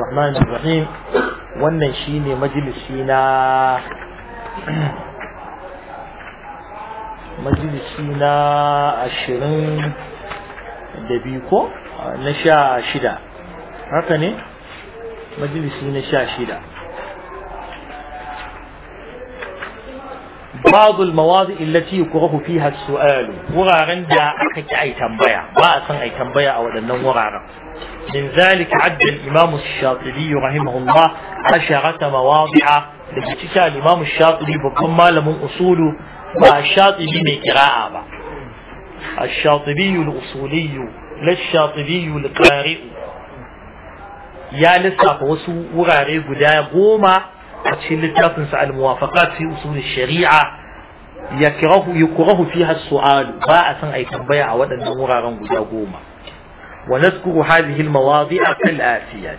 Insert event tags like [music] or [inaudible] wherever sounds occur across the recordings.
الرحمن الرحيم wannan shine majalisi na [clears throat] majalisi na ashirin da biyu ko na sha shida haka ne na sha shida بعض المواضع التي يكره فيها السؤال wuraren da aka ki ai tambaya ba a san ai tambaya a waɗannan wuraren من ذلك عد الإمام الشاطبي رحمه الله عشرة مواضع لكتكا الإمام الشاطبي بكما لم أصوله مع الشاطبي من الشاطبي الأصولي لا الشاطبي القارئ يا لسه وسو وغاري قدا قوما أتشي اللي على الموافقات في أصول الشريعة يكره يكره فيها السؤال باء أي تنبيع ودن ورارا قدا قوما ونذكر هذه المواضيع كالآتية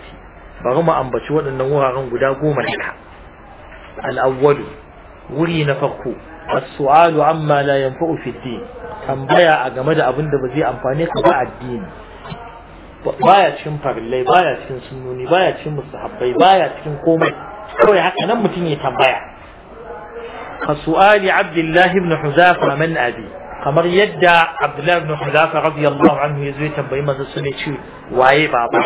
فهما أن بشوان النوها عن قدا قوم الأول وري نفقه السؤال عما لا ينفع في الدين كان بايا أقمد أبن دبزي أمفانيك باع الدين بايا تشم فرلي بايا تشم سنوني بايا تشم مستحبي بايا تشم قومي كوي حقا نمتيني تنبايا فسؤال عبد الله بن حزافة من أبيه kamar yadda Abdullahi ibn Hudhafa radiyallahu anhu yazo ya tambayi manzo sune ce waye baba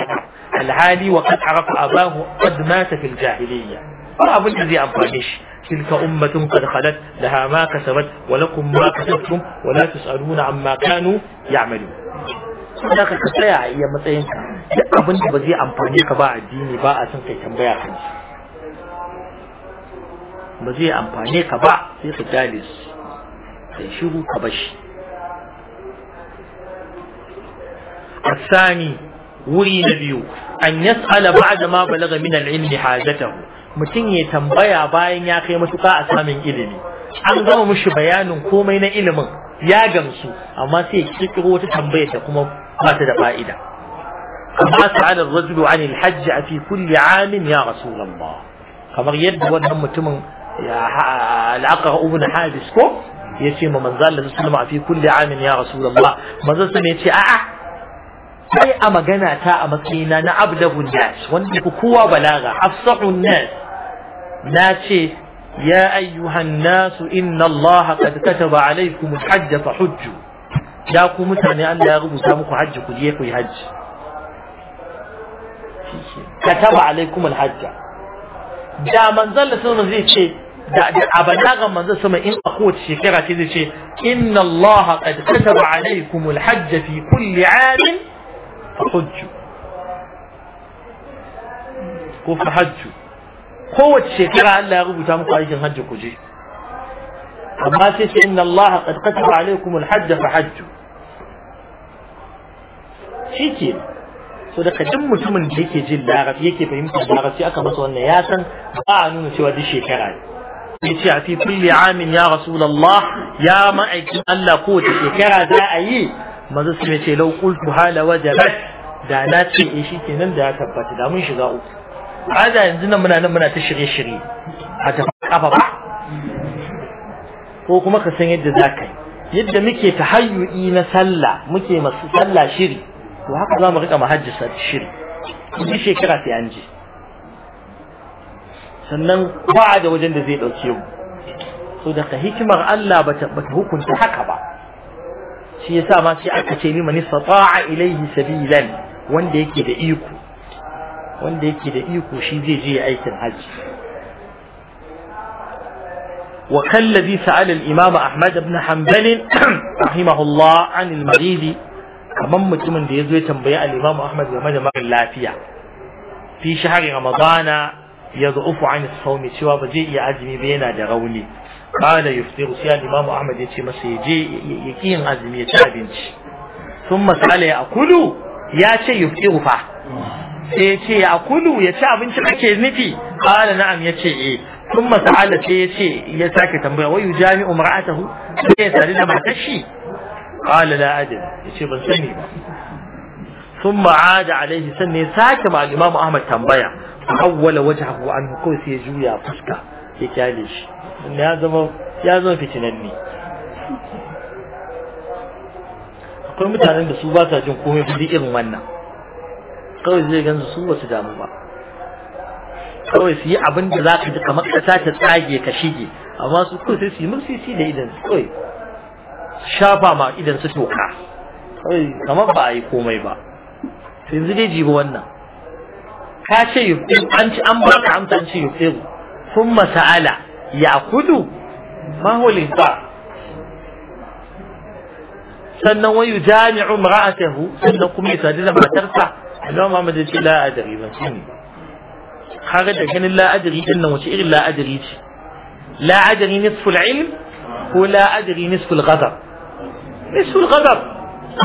alhali wa kad arafa abahu qad mata fil jahiliyya ba abin da zai amfane shi tilka ummatun qad khalat laha ma kasabat wa lakum ma kasabtum wa la tusaluna amma kanu ya'malu saboda ka tsaya a iya matsayin ka duk abin da ba zai amfane ka ba addini ba a son kai tambaya kan ba zai amfane ka ba sai ka jalis kai shiru ka bashi الثاني wuri na biyu an yas'ala ba'da ma balaga min al-ilm hajatahu mutun ya tambaya bayan ya kai matuka a samun ilimi an gama mushi bayanin komai na ilimin ya gamsu amma sai ya kirkiro wata tambaya ta kuma ba ta da fa'ida kama sa'ala ar-rajulu 'an al-hajj fi kulli 'amin ya rasulullah kamar yadda wannan mutumin ya al-aqra ibn habis ko ya ce ma manzo Allah sallallahu alaihi fi kulli amin ya rasulullah manzo ne ya ce a'a sai a magana ta a matsayina na abdahu nas wanda ku kowa balaga afsahu nas na ce ya ayyuhan nas inna Allah qad kataba alaykum al fa hujju ya ku mutane Allah ya rubuta muku hajji ku je ku yi hajji kataba alaikum al da manzo Allah sallallahu zai ce da a balaga manzo sama in a kowace shekara ce zai ce inna allaha qad kataba alaykum alhajj fi kulli 'amin fahujju ko fahajju kowace shekara Allah ya rubuta muku aikin hajji ku je amma sai ce inna allaha qad kataba alaykum alhajj fahajju shike so da kadin mutumin da yake jin larabci yake fahimtar larabci aka masa wannan ya san ba a nuna cewa duk shekara ne yace a fifin kulli amin ya rasulallah ya ma'aikin Allah ko da shekara za a yi manzo su yace law qultu hala wajabat da na ce eh nan da ya tabbata da mun shiga uku kaga yanzu nan muna nan muna ta shirye shirye a ta kafa ba ko kuma ka san yadda za ka yi yadda muke ta tahayyu'i na sallah muke masu sallah shiri to haka za mu rika mahajjisa shiri shekara sai an je sannan ba da wajen da zai ɗauke mu so daga hikimar Allah bata bata hukunta haka ba shi yasa ma sai aka ce liman istata'a ilayhi sabilan wanda yake da iko wanda yake da iko shi zai je aikin haji wa kallazi sa'ala al-imam Ahmad ibn Hanbal [clears throat] rahimahullah an al-marid mutumin da zo ya tambayi al-imam Ahmad game da mara lafiya fi shahri ramadana yanzu uku an yi saumi cewa ba zai iya azumi ba yana da rauni kala ya fito siya imamu ahmad ya ce masa ya je ya ki yin azumi ya ci abinci sun masala ya a akulu ya ce ya fito rufa. sai ya ce ya akulu ya ci abinci kake nufi kala na'am ya ce e, sun masala sai ya ce ya sake tambaya wayu jami'u mar'atahu sai ya sadu da matar shi kala la adam ya ce ban sani ba sun ma'ada alaihi sannan ya sake ma imamu ahmad tambaya awwala wajhahu anhu ko sai ya juya fuska ya kyale shi ya zama ya zama ne akwai mutanen da su ba sa jin komai duk irin wannan kawai zai gansu su wasu damu ba kawai su yi abin da za ka ji kamar ka sace tsage ka shige amma su kawai sai su yi mursisi da idan su kawai shafa ma idan su toka kawai kamar ba a yi komai ba sai yanzu dai jibi wannan kace ce an ci an baka amsa an ce yuftiru thumma sa'ala ya'kudu ma huwa al sannan wa yujami'u ra'atahu sannan kuma ya sadu da matarsa Imam Ahmad ya ce la adri ban sani kaga da ganin la adri din nan wace irin la adri ce la adri nisfu al-ilm ko la adri nisfu al-ghadab nisfu al-ghadab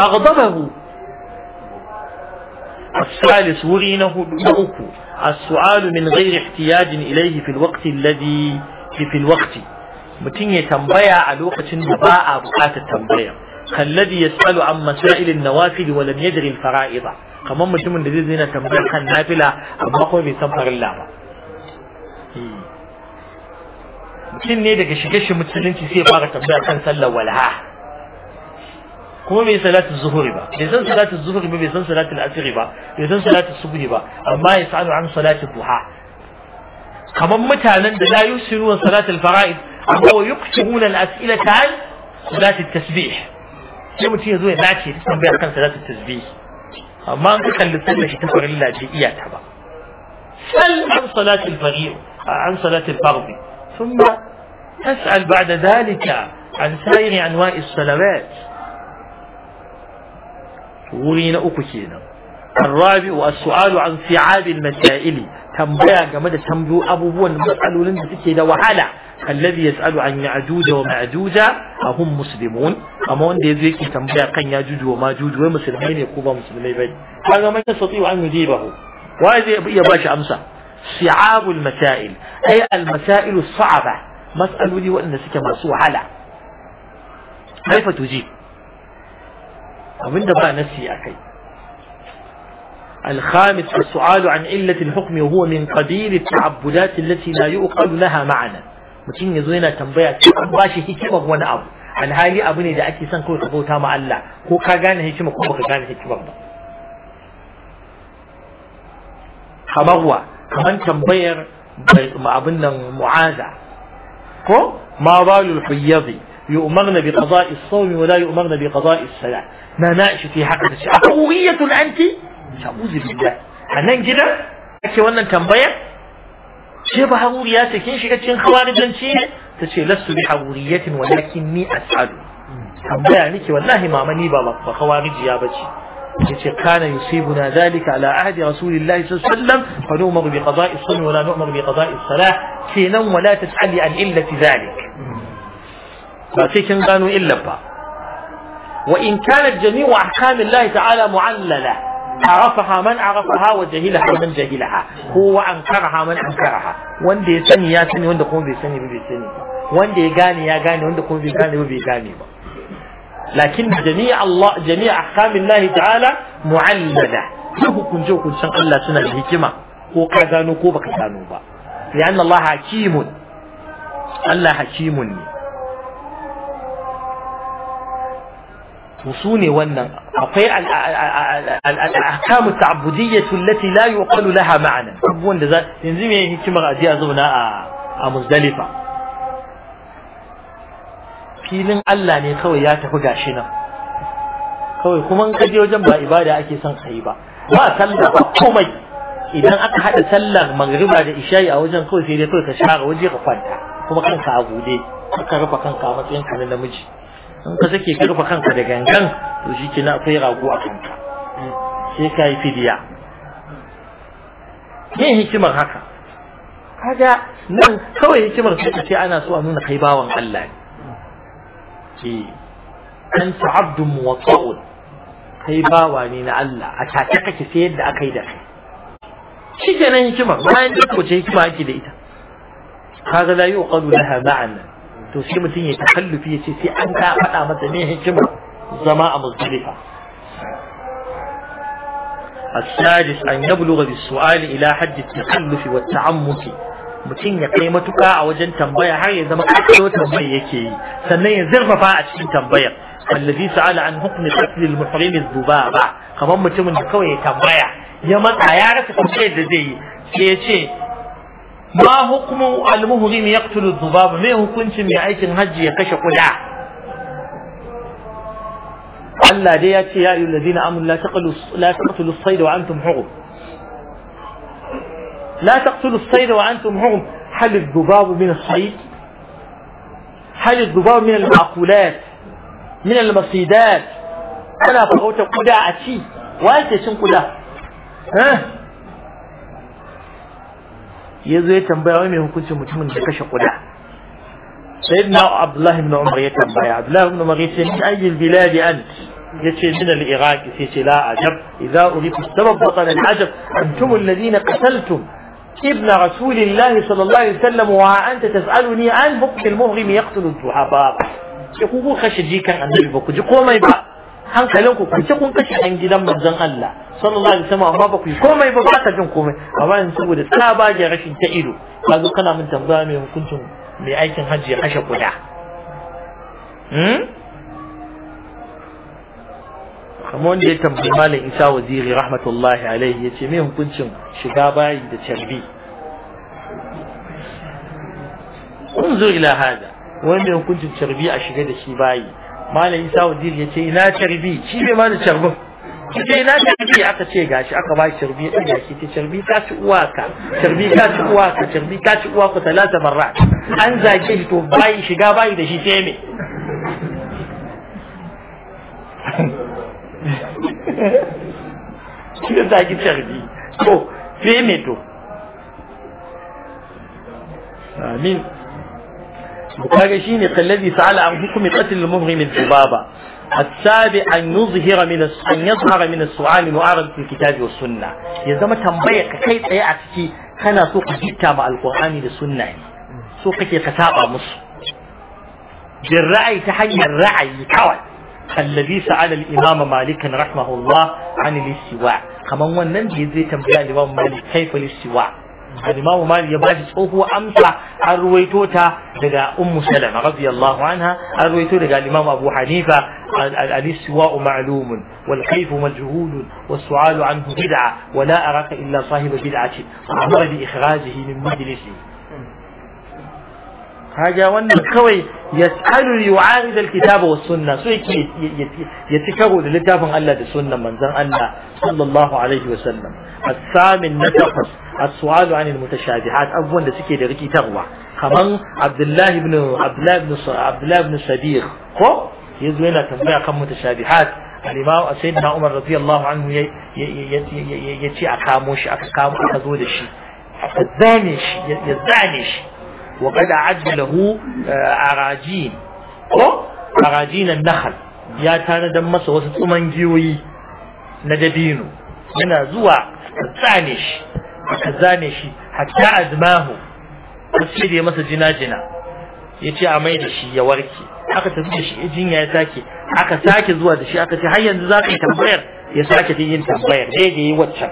aghdabahu الثالث ورينه أكو السؤال من غير احتياج إليه في الوقت الذي في الوقت متين يتنبيع على وقت باع بقات التنبيع كالذي يسأل عن مسائل النوافل ولم يدري الفرائض كما mutumin da zai zina tambayar kan nafila amma kuma متين san farilla ba mutum ne daga shige shi musulunci kuma bai salatu zuhuri ba bai san salatu zuhuri ba bai san salatu al'asiri ba bai san salatu subhi ba amma ya sanu an salatu duha kamar mutanen da la yusiruna salatu al-fara'id amma wa yuqtibuna al-as'ilata an salatu tasbih sai mutum ya zo ya dace ta tambaya kan salatu tasbih amma an ka kalli sallar shi ta farilla ce iya ta ba sal an salatu al-fari'u an salatu al-fardhi ثم تسأل بعد ذلك عن سائر أنواع الصلوات wurin uku kenan arabi wa الرابع an fi'ab al-masail tambaya game da tambayo abubuwan matsalolin da suke da wahala alladhi yas'alu an ya'juj wa ma'juj ahum muslimun amma wanda yazo yake tambaya kan ya'juj wa ma'juj wai musulmai ne ko ba musulmai bane kaga man yastati an yujibahu wa zai iya bashi amsa fi'ab al masail ay al masail as-sa'aba mas'aloli wanda suke masu wahala kaifa tujib ومن دبع نفسي أكي الخامس السؤال عن علة الحكم وهو من قدير التعبدات التي لا يؤقل لها معنى متين يزوينا تنبيع باشي هكما هو نأب عن هالي أبني دعك سنكو تبوتا مع الله هو كاقان هكما هو كاقان هكما هو خبغوة كمان تنبير معاذا ما بال الحيضي يؤمرن بقضاء الصوم ولا يؤمرن بقضاء الصلاة ما ناقش في حق الشيء أقوية أنت مش بالله هنن كده أكي وانا تنبيع شيء بحرورية كين شيء كتين خوارج لنشيه تشيه لست بحرورية ولكني أسعد تنبيع نيك والله ما مني بابا بخوارج يا بشي كان يصيبنا ذلك على عهد رسول الله صلى الله عليه وسلم فنؤمر بقضاء الصوم ولا نؤمر بقضاء الصلاة كي نوم ولا تسألي عن إلة ذلك ba sai kin gano illar ba wa in kanat jami'u ahkamillahi ta'ala mu'allala عرفها من عرفها وجهلها من جهلها هو أنكرها من أنكرها وندي سني يا سني وندي قوم بسني بسني وندي غاني يا غاني وندي قوم بغاني وبغاني لكن جميع الله جميع أحكام الله تعالى معللة له كن جو كن شان الله سنة الحكمة ko ka gano ko baka gano ba لأن الله حكيم الله حكيم ne to su ne wannan akwai al'akamu ta'abudiyyatu allati la yuqalu laha ma'ana abubuwan da za yanzu me hikimar ajiya a zauna a a muzdalifa filin Allah ne kawai ya tafi gashi nan kawai kuma in kaje wajen ba ibada ake son kai ba ba sallah ba komai idan aka hada sallar magriba da isha'i a wajen kawai sai dai kawai ka share waje ka kwanta kuma kanka a bude ka rufe kanka a matsayin ka na namiji in ka sake ka rufe kanka da gangan to shi ke na akwai rago a kanka sai ka yi fidiya yin hikimar haka kaga nan kawai hikimar sai ka ce ana so a nuna kai bawan Allah ne eh, an ta'abdu muwatta'un kai bawa ne na Allah a tace kake sai yadda aka yi da kai shi kenan hikimar bayan da ko ce hikima ake da ita kaga la yuqadu laha ma'ana to sai mutun ya takallufi ya ce sai an ka fada masa ne hikima zama a muzdalifa as-sajis an yablugha السادس أن يبلغ بالسؤال إلى حد التخلف والتعمق mutun ya kai matuka a wajen tambaya har ya zama kakalo tambaya yake yi sannan ya zurfafa a cikin tambaya alladhi sa'ala an hukmi qatl al muhrim al dubaba kaman mutumin da kawai ya tambaya ya matsa ya rasa tambayar da zai yi sai ya ce ما حكم المهرم يقتل الذباب ما حكم يعيك الهج يكش قدع ألا ديات يا أيها الذين آمنوا لا تقتلوا لا تقتلوا الصيد وأنتم حرم لا تقتلوا الصيد وأنتم حرم هل الذباب من الصيد هل الذباب من المعقولات من المصيدات أنا فقلت قدع أتي وأنت شن قدع ها ya zo ya tambaya wai mai hukuncin mutumin da kashe kuda sayyidina abdullah ibn umar ya tambaya abdullah ibn umar ya ce min ayyul biladi ant ya ce min al-iraq sai ce la ajab idza uriku sabab batan al-ajab antum alladhina qataltum ابن رسول الله صلى الله عليه وسلم وأنت تسألني عن بقع المهرم يقتل الضحى بابا يقول خشجي كان النبي بقى جي قومي بقى hankalin ku kuce kun kashe an gidan manzon Allah sallallahu alaihi wasallam amma ba ku komai ba ba ta jin komai amma yanzu saboda tsabagen rashin ta ido ka kana min tambaya mai hukuncin mai aikin hajji ya kashe kuda hmm? kuma wanda ya tambayi malam isa waziri rahmatullahi alaihi ya ce mai hukuncin shiga bayi da carbi unzur ila hada wanda hukuncin carbi a shiga da shi bayi malam isa wazir ya ce ina carbi shi bai mana carbin ce ina carbi aka ce gashi aka ba carbi ya ce carbi ta ci uwaka carbi ta ci uwaka carbi ta ci uwaka talata marra an zage shi to bayi shiga bayi da shi sai me [laughs] shi carbi to sai me to amin وكاجا شيني الذي سأل عن حكم قتل المبرم الذبابة السابع أن يظهر من أن يظهر من السؤال في الكتاب والسنة يزما تنبيه كيف يأتي أتكي كان سوق جدا مع القرآن والسنة سوق كي كتابة مصر بالرأي تحي الرأي كوال. الذي سأل الإمام مالك رحمه الله عن الاستواء كما هو النبي زي تنبيه الإمام مالك كيف الاستواء الإمام مالك يباجي صوفه أمسى أرويتوتا لقى أم سلمة رضي الله عنها أرويتو لقى الإمام أبو حنيفة الاستواء معلوم والكيف مجهول والسؤال عنه بدعة ولا أراك إلا صاحب بدعة فأمر بإخراجه من مجلسه kaga wannan kawai ya yas'alu yu'arid al-kitaba was sunna so yake ya ci karo da littafin Allah da sunnan manzan Allah sallallahu alaihi wa sallam as-samin na takwas as-su'alu anil mutashabihat abubuwan da suke da rikitarwa kaman Abdullahi ibn Abdullahi ibn Abdullahi Sabir ko yazo yana tambaya kan mutashabihat al-imam sayyidina Umar radiyallahu anhu ya ce a kamo shi aka kamo aka zo da shi aka zane shi ya zane shi وقد أعد له أراجين أراجين النخل يا تانا دمس وسطمان جيوي ندبينو هنا زوا تزانش تزانش حتى أدماه وسيدي يمس جناجنا yace a mai da shi ya warke aka tafi da shi jinya ya sake aka sake zuwa da shi aka ce har yanzu za ka yi tambayar ya sake yin tambayar daidai waccan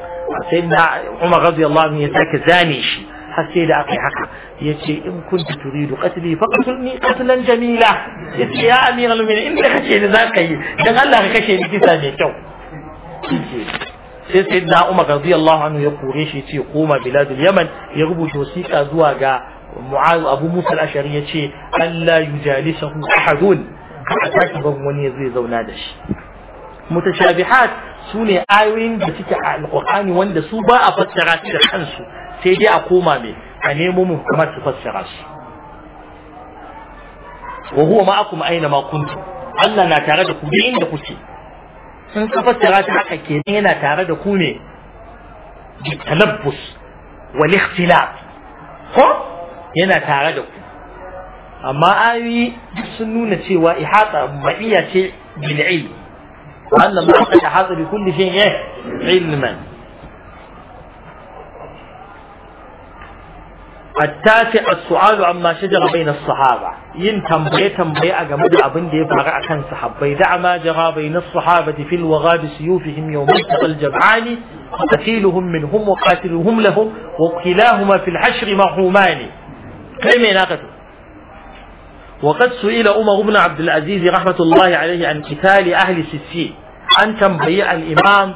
sai na Umar radiyallahu anhu ya sake zane shi har sai da aka yi haka yace in kunta turidu qatli faqtulni qatlan jamila ce ya amir al-mu'minin in da kace ni ka yi dan Allah ka kashe ni kisa mai kyau sai sai na Umar radiyallahu anhu ya kore shi ce koma biladul Yaman ya rubuta wasiƙa zuwa ga Mu'az Abu Musa al-Ashari yace Allah yujalisahu ahadun a tashi ban wani zai zauna da shi mutashabihat sune ayoyin da suke a alqur'ani wanda su ba a fassara su da kansu sai dai a koma me a nemo mu kuma su fassara su. wa huwa ma'akum aina ma kuntum Allah na tare da ku duk inda kuke sun ka fassara ta haka kenan yana tare da ku ne bi talabbus wal ikhtilaf ko yana tare da ku amma ayoyi sun nuna cewa ihata ma'iya ce bil ilm Allah anna ma qad ihata bi kulli shay'in ilman التاسع السؤال عما شجر بين الصحابة ين تنبيه تنبيه أجمد أبن دي فرع كان صحابي دع ما جرى بين الصحابة في الوغى بسيوفهم يوم التقى الجمعان قتيلهم منهم وقاتلهم لهم وكلاهما في الحشر مرحومان كلمة ناقته وقد سئل عمر بن عبد العزيز رحمة الله عليه عن قتال أهل سيسين أن تنبيه الإمام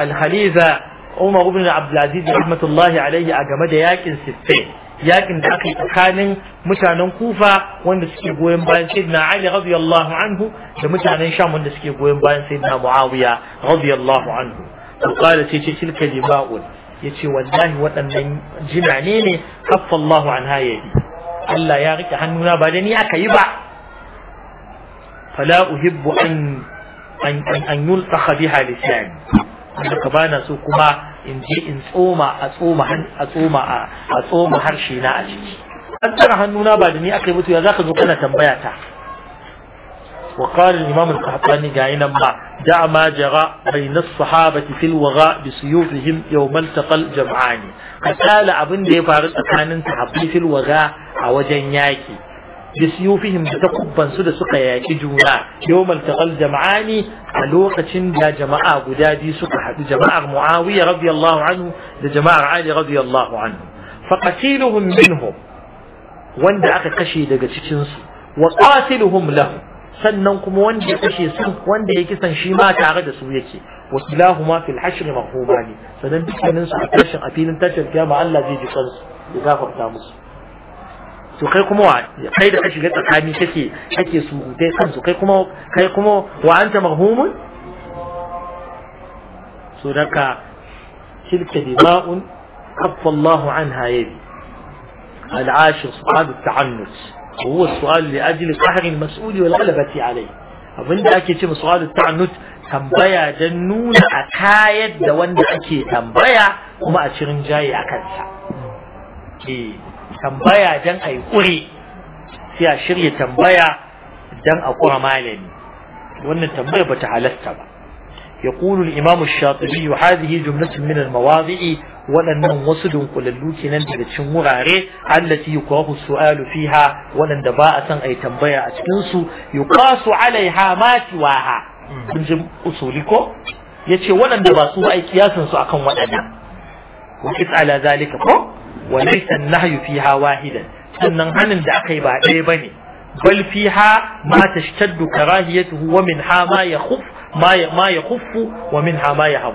الخليفة Umar ibn Abdulaziz rahmatullahi alaihi a game da yakin Siffin yakin da aka yi tsakanin mutanen Kufa wanda suke goyon bayan Sayyidina Ali radiyallahu anhu da mutanen Sham wanda suke goyon bayan Sayyidina Muawiya radiyallahu anhu to qala sai ce tilka dima'un yace wallahi waɗannan jinane ne kaffa Allahu anha yadi Allah ya rike hannuna ba da ni aka yi ba fala uhibbu an an an yultaqa biha lisani haka bana so kuma in je in tsoma a tsoma a tsoma a tsoma harshe na a ciki an tsara hannuna ba da ni aka yi mutu ya zaka zo kana tambaya ta وقال الإمام القحطاني قائلا ما دع ما جرى بين الصحابة في الوغاء بسيوفهم يوم التقى الجمعان قال أبن دي فارس أكان صحابي في الوغاء أوجن ياكي bisiyufihim da takubban su da suka yaki juna yawmal taqal jama'ani a lokacin da jama'a guda biyu suka haɗu jama'ar Muawiya radiyallahu anhu da jama'ar Ali radiyallahu anhu fa qatiluhum minhum wanda aka kashe daga cikin su wa qatiluhum sannan kuma wanda ya kashe su wanda ya kisan shi ma tare da su yake wa kilahuma fil hashr marhumani sannan dukkanin a tashin a filin tashin kiyama Allah zai ji ya gafarta musu to kai kuma wa kai da ka shiga tsakani kake kake su surutai kansu kai kuma kai kuma wa anta mahumun suraka tilka dima'un kaffa Allahu anha yabi العاشر سؤال sual li ajli لأجل al المسؤول wal عليه abin abinda ake ce su'al wadu taannus tambaya dan nuna a kayar da wanda ake tambaya kuma a cirin jayi akan sa tambaya don a yi ƙuri sai a shirya tambaya don a ƙura malami wannan tambayar ba ta halasta ba ya ƙuru imamu shafi yi hadi yi jumlatin minar mawazi'i waɗannan wasu dunkulallu kenan daga cikin wurare allati yi kwahu su'alu fiha waɗanda ba a san a tambaya a cikinsu yi kwasu alaiha mati waha kun ji usuli ko ya ce waɗanda ba su ba a yi kiyasansu a kan waɗannan ko kisa ala zalika ko wa laysa an-nahyu fiha wahidan sannan hanin da aka yi ba ɗaya bane bal fiha ma tashtaddu karahiyatuhu wa minha ma ma wa ma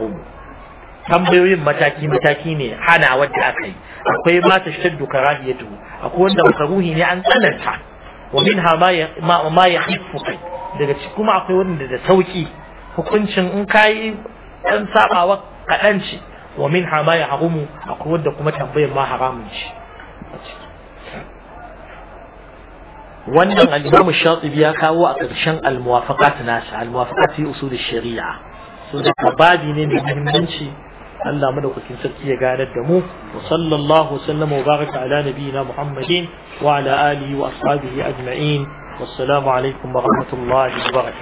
tambayoyin mataki mataki ne hana wadda aka yi akwai ma tashtaddu karahiyatuhu akwai wanda makaruhi ne an tsananta wa ha ma ma yakhuffu kai daga cikin kuma akwai wanda da sauki hukuncin in kayi dan sabawa kaɗan ce wa min ha ma ya harumu akwai kuma tambayar ma haramun shi wannan al-Imam ya kawo a ƙarshen al-muwafaqat nasa al-muwafaqat fi sharia su da babi ne mai muhimmanci Allah madaukakin sarki ya ganar da mu wa sallallahu sallama wa baraka ala nabiyina Muhammadin wa ala alihi wa ashabihi ajma'in wassalamu alaikum wa rahmatullahi wa